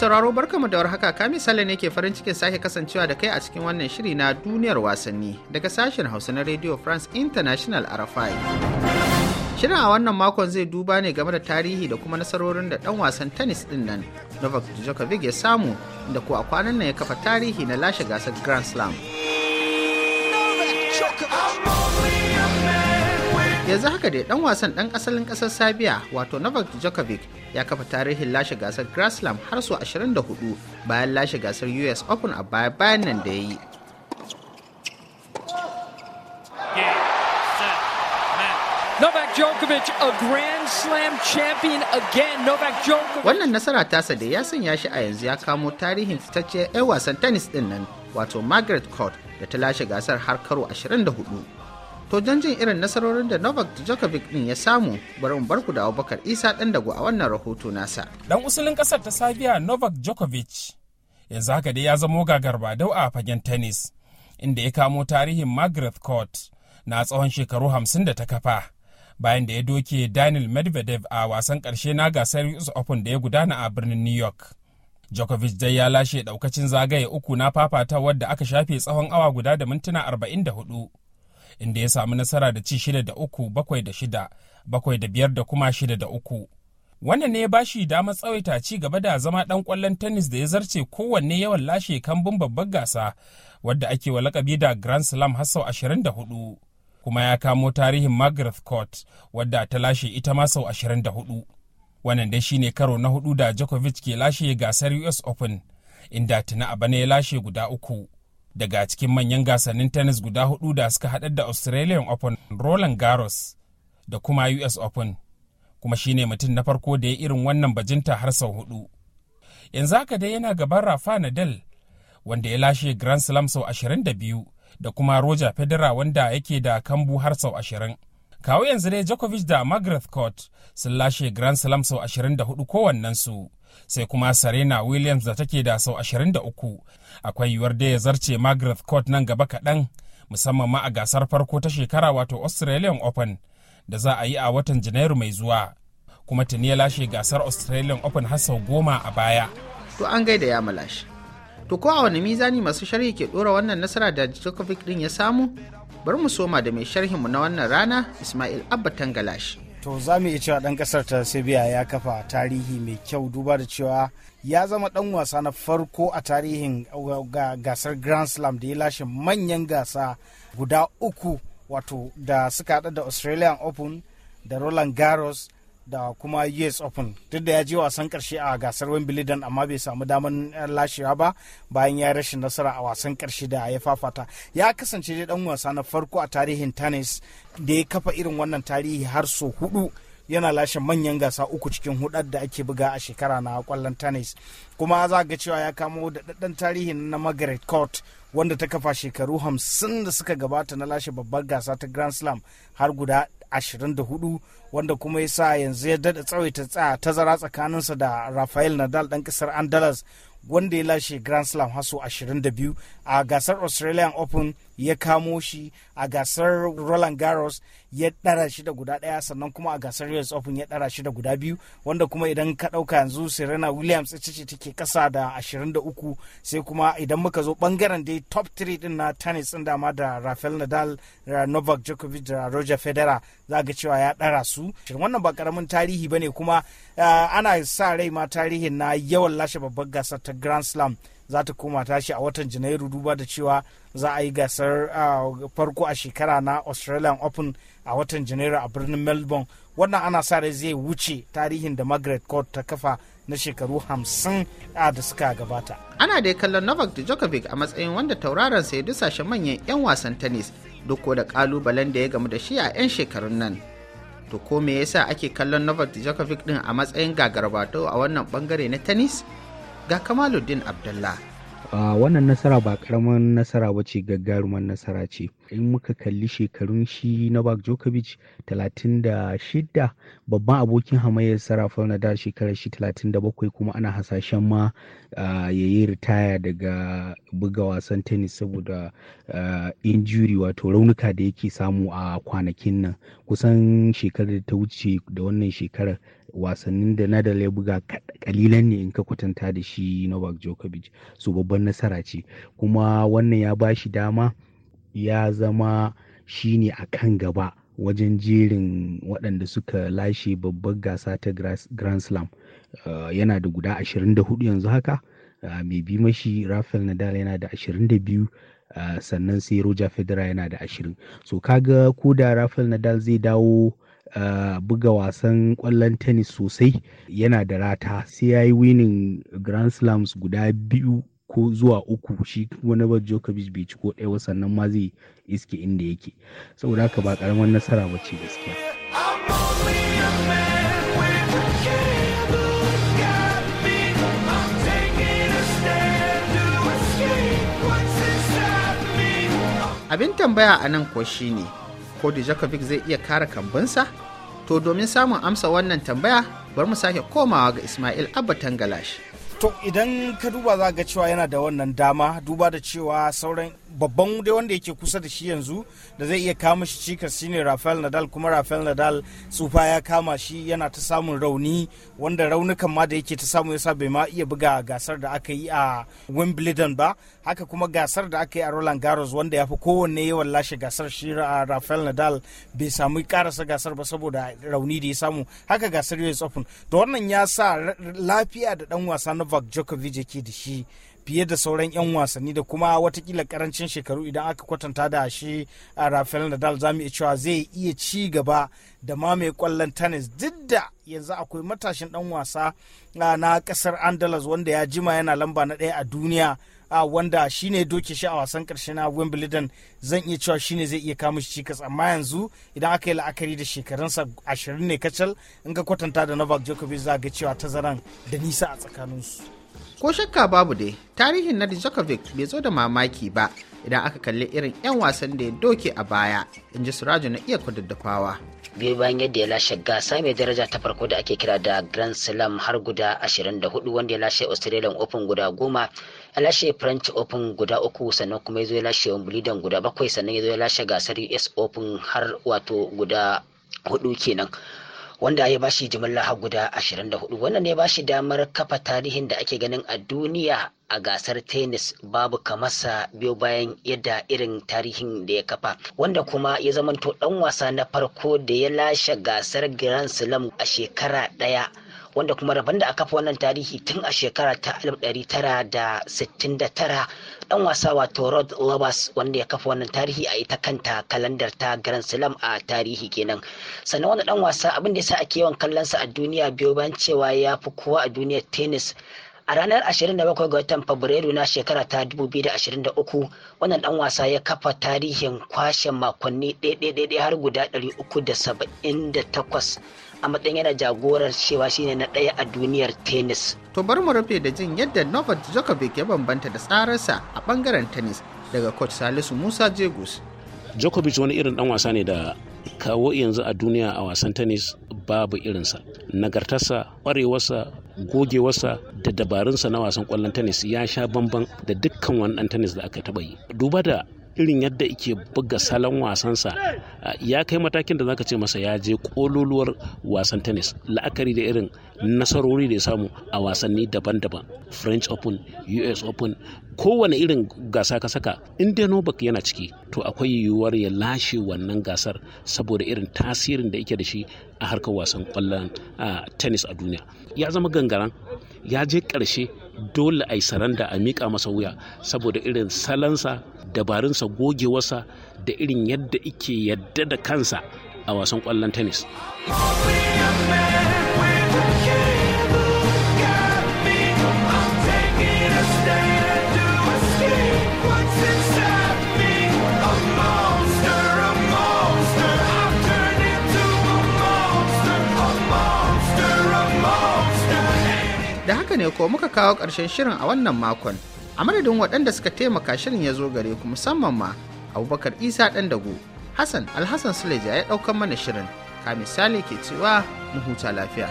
sauraro barkamu da warhaka kami sale ne ke farin cikin sake kasancewa da kai a cikin wannan shiri na duniyar wasanni daga sashen hausa na radio france international rfi shirin a wannan makon zai duba ne game da tarihi da kuma nasarorin da dan wasan tennis din nan novak djokovic ya samu da ko a kwanan nan ya kafa tarihi na lashe gasar grand slam yanzu haka dai dan wasan dan asalin kasar sabiya wato novak djokovic ya kafa tarihin lashe gasar grand slam har su 24 bayan lashe gasar us open a baya bayan nan da ya yi Novak Wannan nasara tasa da ya sanya shi a yanzu ya kamo tarihin fitacce 'yan wasan tennis din nan wato Margaret Court da ta lashe gasar har karo 24. To don jin irin nasarorin da Novak Djokovic din ya samu bari mu barku da Abubakar Isa dan dago a wannan rahoto nasa. Dan usulin kasar ta Sabiya Novak Djokovic yanzu haka dai ya zamo ba dau a fagen tennis inda ya kamo tarihin Margaret Court na tsawon shekaru hamsin da ta kafa. bayan da ya doke Daniel Medvedev a wasan karshe na gasar US Open da ya gudana a birnin New York. Djokovic dai ya lashe daukacin zagaye uku na fafatawar da aka shafe tsawon awa guda da mintuna 44 inda ya samu nasara da ci shida da uku bakwai da shida bakwai da biyar da kuma shida da uku wannan ne ya ba shi damar tsawaita ci gaba da zama dan kwallon tennis da ya zarce kowanne yawan lashe kambun babbar gasa wadda ake wa lakabi da grand slam har sau 24 kuma ya kamo tarihin margaret court wadda ta lashe ita ma sau ashirin da 24 wannan dai shine karo na hudu da Djokovic ke lashe gasar US Open inda tuna a bana ya lashe guda uku. daga cikin manyan gasannin tennis guda hudu da suka haɗar da australian open roland garros da kuma us open kuma shine mutum na farko da ya irin wannan bajinta har sau hudu yanzu haka dai yana gaban rafa nadal wanda ya lashe grand slam sau ashirin da biyu da kuma roger federer wanda yake da kambu har sau ashirin kawo yanzu dai Djokovic da Margaret Court sun lashe Grand Slam sau ashirin da 24 kowannensu. sai kuma serena williams da take da sau 23 akwai yiwuwar da ya zarce margaret court nan gaba kaɗan musamman ma a gasar farko ta shekara wato australian open da za a yi a watan janairu mai zuwa kuma tuni ya lashe gasar australian open har sau goma a baya to an gaida ya malashi to ko a wani mizani masu sharhi ke dora wannan nasara da Djokovic din ya samu bari mu soma da mai sharhinmu na wannan rana Ismail Abba Tangalashi To za mu iya cewa ɗan ƙasar ta Serbia ya kafa tarihi mai kyau duba da cewa ya zama ɗan wasa na farko a tarihin gasar Grand Slam da ya lashe manyan gasa guda uku wato da suka haɗa da Australian Open da Roland Garros da kuma US Open duk da ya je wasan karshe a gasar Wimbledon amma bai samu daman eh, lashewa ba bayan ya rashin nasara a wasan karshe da ya fafata ya kasance dai dan wasa na farko a tarihin tennis da ya kafa irin wannan tarihi har so hudu yana lashe manyan gasa uku cikin hudar da ake buga a shekara na kwallon tennis kuma za ga cewa ya kamo da daddan tarihi na margaret court wanda ta kafa shekaru hamsin da suka gabata na lashe babbar gasa ta grand slam har guda 24 wanda kuma ya sa yanzu ya dada tsawaita tazara tsakaninsa da rafael nadal dan kasar andalas wanda ya lashe grand slam haso 22 a gasar australian open ya kamo shi a gasar roland garros ya dara shi da guda daya sannan kuma a gasar us open ya dara shi da guda biyu wanda kuma idan ka dauka yanzu serena williams ita ce take kasa da 23 sai kuma idan muka zo bangaren dai top 3 din na tennis ɗin dama da rafael nadal da novak djokovic da roger federer za ga cewa ya ɗara su wannan ba karamin tarihi bane kuma eh, ana sa rai ma tarihin na yawan lashe babbar gasar ta grand slam za ta koma tashi a watan janairu duba da cewa za a yi gasar eh, farko a shekara na australian open a watan janairu a birnin melbourne wannan ana sa rai zai wuce tarihin da margaret court ta kafa na shekaru hamsin a eh, da suka gabata ana da kallon novak djokovic a matsayin wanda tauraron sa ya dusashe manyan 'yan wasan tennis duk da kalubalen da ya gamu da shi a 'yan shekarun nan to ko me yasa ake kallon Novak Djokovic din a matsayin gagarbato a wannan bangare na tennis ga Kamaluddin Abdullah wannan nasara ba karamin nasara ba ce gaggaruman nasara ce in muka kalli shekarun shi na bak jokovic 36 babban abokin hamayyar sarrafa nadal shekarar shi 37 kuma ana hasashen ma ya yi ritaya daga buga wasan tennis saboda injury wato raunuka da yake samu a kwanakin nan kusan shekarar da ta wuce da wannan shekarar wasannin da nadal ya buga kalilan ne in ka kwatanta da shi novak djokovic so babban nasara ce kuma wannan ya ba shi dama ya zama shine a kan gaba wajen jerin waɗanda suka lashe babbar gasa ta grand slam eh, yana da guda 24 yanzu haka eh, mai bi mashi rafael nadal yana da 22 uh, eh, sannan sai roger federer yana da 20 so kaga ko da rafael nadal zai dawo Uh, buga wasan kwallon tennis sosai yana da rata sai ya yi winning grand slams guda biyu ko zuwa uku shi kuma Novak Djokovic bai ci ko ɗaya sannan ma zai iske inda yake saboda haka ba karamar nasara ba ce gaskiya abin tambaya a nan kuwa ne, ko da Djokovic zai iya kara kambinsa to domin samun amsa wannan tambaya bar mu sake komawa ga Ismail Abba Tangalashi to idan ka duba za ga cewa yana da wannan dama duba da cewa sauran babban dai wanda yake kusa da shi yanzu da zai iya kama shi cikas shine rafael nadal kuma rafael nadal tsufa ya kama shi yana ta samun rauni wanda raunukan ma da yake ta samu yasa bai ma iya buga gasar da aka yi a wimbledon ba haka kuma gasar da aka yi a roland garros wanda ya fi kowanne yawan lashe gasar shi rafael nadal bai samu karasa gasar ba saboda rauni da ya samu haka gasar us tsofin da wannan ya sa lafiya da dan wasa na novak djokovic yake da shi fiye da sauran 'yan wasanni da kuma watakila karancin shekaru idan aka kwatanta da shi a rafael nadal za mu iya cewa zai iya ci gaba da mamaye kwallon tennis duk da yanzu akwai matashin dan wasa na kasar andalus wanda ya jima yana lamba na ɗaya a duniya wanda shine doke shi a wasan karshe na wimbledon zan iya cewa shine zai iya kamun shi cikas amma yanzu idan aka yi la'akari da shekarunsa ashirin ne kacal in ka kwatanta da novak djokovic za ga cewa tazaran da nisa a tsakaninsu ko shakka babu dai tarihin na Djokovic bai zo da mamaki ba idan aka kalli irin 'yan wasan da ya doke a baya in ji suraju na iya kududdufawa biyu bayan yadda ya lashe gasa mai daraja ta farko da ake kira da grand slam har guda 24 wanda ya lashe australian open guda goma ya lashe french open guda uku sannan kuma ya zo ya lashe wimbledon guda bakwai sannan ya zo ya lashe gasar us open har wato guda hudu kenan wanda ya bashi jimillar har guda 24 wannan ne bashi damar kafa tarihin da ake ganin a duniya a gasar tennis babu kamasa biyo bayan yadda irin tarihin da ya kafa wanda kuma ya zamanto dan wasa na farko da ya lashe gasar grand slam a shekara daya wanda kuma rabon da aka fi wannan tarihi tun a shekara ta 1969 dan wasa wato Rod Lovers wanda ya kafa wannan tarihi a ita kanta kalandar ta Grand Slam a tarihi kenan sannan wannan dan wasa abin da yasa ake yawan kallon sa a duniya biyo bayan cewa ya fi kowa a duniyar tennis a ranar 27 ga watan fabrairu na shekara ta 2023 wannan dan wasa ya kafa tarihin kwashe makonni ɗaya har guda 378 a matsayin yana jagorar cewa shine na ɗaya a duniyar tennis. To bari mu rufe da jin yadda Novak Djokovic ya bambanta da tsararsa a bangaren tennis daga coach Salisu Musa Jegus. Djokovic wani irin dan wasa ne da kawo yanzu a duniya a wasan tennis babu irinsa. Nagartarsa, ƙwarewarsa, gogewarsa da dabarunsa na wasan ƙwallon tennis ya sha bamban da dukkan wani ɗan tennis da aka taɓa yi. Duba da irin yadda ike buga salon wasansa ya kai matakin da zaka ce masa ya je kololuwar wasan tennis la'akari da irin nasarori da ya samu a wasanni daban-daban french open us open kowane irin gasa ka saka in dai yana ciki to akwai yiwuwar ya lashe wannan gasar saboda irin tasirin da yake da shi a harkar wasan kwallon tennis a duniya ya zama gangaran ya je ƙarshe dole a yi saranda a miƙa masa wuya saboda irin salansa dabarunsa gogewarsa da irin yadda ike yadda da kansa a wasan kwallon tennis. da haka ne ko muka kawo ƙarshen shirin a wannan makon a madadin waɗanda suka taimaka shirin ya zo gare ku musamman ma abubakar isa ɗan dago hassan alhassan suleja ya ɗaukan mana shirin ka misali ke cewa mu huta lafiya